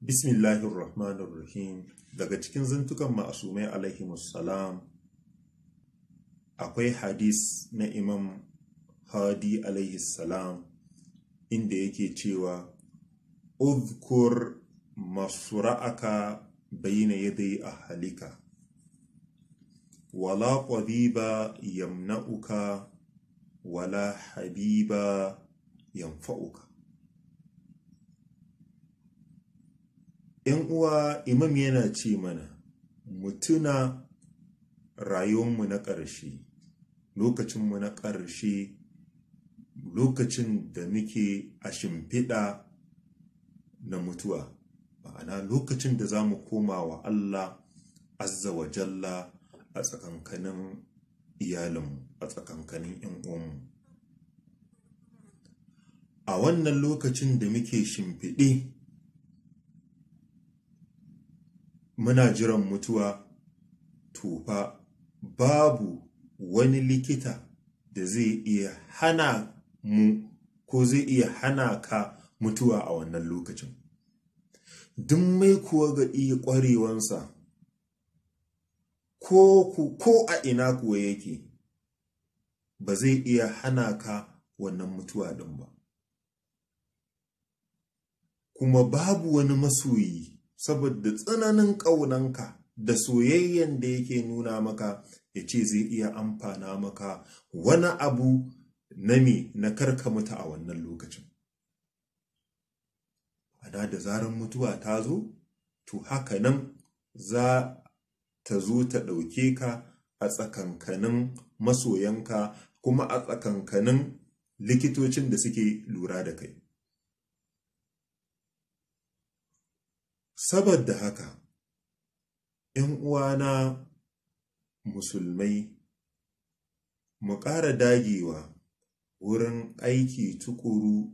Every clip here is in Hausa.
bismillahir rahmanir rahim daga cikin zantukan ma'asumai alaihi salam akwai hadis na imam hadi alaihi salam inda yake cewa uzkur masura'aka bayina yadai a halika wala qadiba yamna'uka wala habiba yamfa'uka. 'yan uwa imam yana ce mana mutuna rayuwarmu na ƙarshe lokacinmu na ƙarshe lokacin da muke a shimfiɗa na mutuwa ma'ana lokacin da za mu koma wa Allah azza wa jalla a tsakankanin iyalinmu a tsakankanin 'yan uwanmu a wannan lokacin da muke shimfiɗe muna jiran mutuwa tufa babu wani likita da zai iya hana mu ko zai iya hana ka mutuwa a wannan lokacin duk mai kuwa ga iya ƙwarewansa ko a ina kuwa yake ba zai iya hana ka wannan mutuwa ɗin ba kuma babu wani masoyi saboda tsananin ƙaunanka da soyayyen da yake nuna maka ya ce zai iya amfana maka wani abu na me na karka mutu a wannan lokacin ana da zarar mutuwa ta zo to haka nan za ta zo ta ɗauke ka a tsakankanin masoyanka kuma a tsakankanin likitocin da suke lura da kai saboda haka ‘yan uwana musulmai mu ƙara dagewa wurin aiki tukuru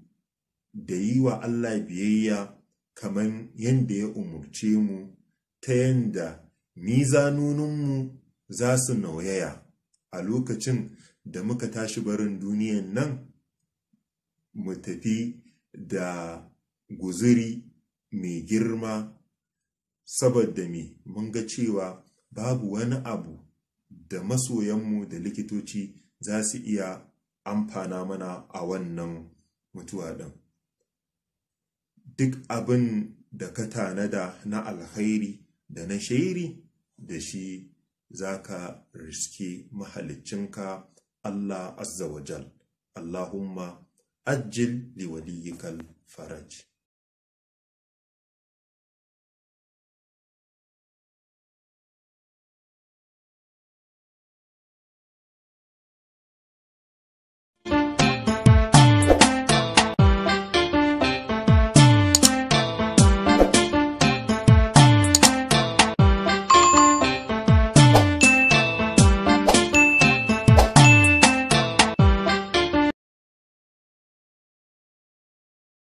da yi wa Allah biyayya kamar yadda ya umarce mu ta yadda mizanuninmu za su nauyaya a lokacin da muka tashi barin duniyan nan mu tafi da guzuri mai girma saboda me mun ga cewa babu wani abu da masoyanmu da likitoci za su iya amfana mana a wannan mutuwa ɗin duk abin da ka tanada na alkhairi da na shairi da shi za ka riske mahalicinka Allah azza wa jal Allahumma ajil liwaliyikal faraj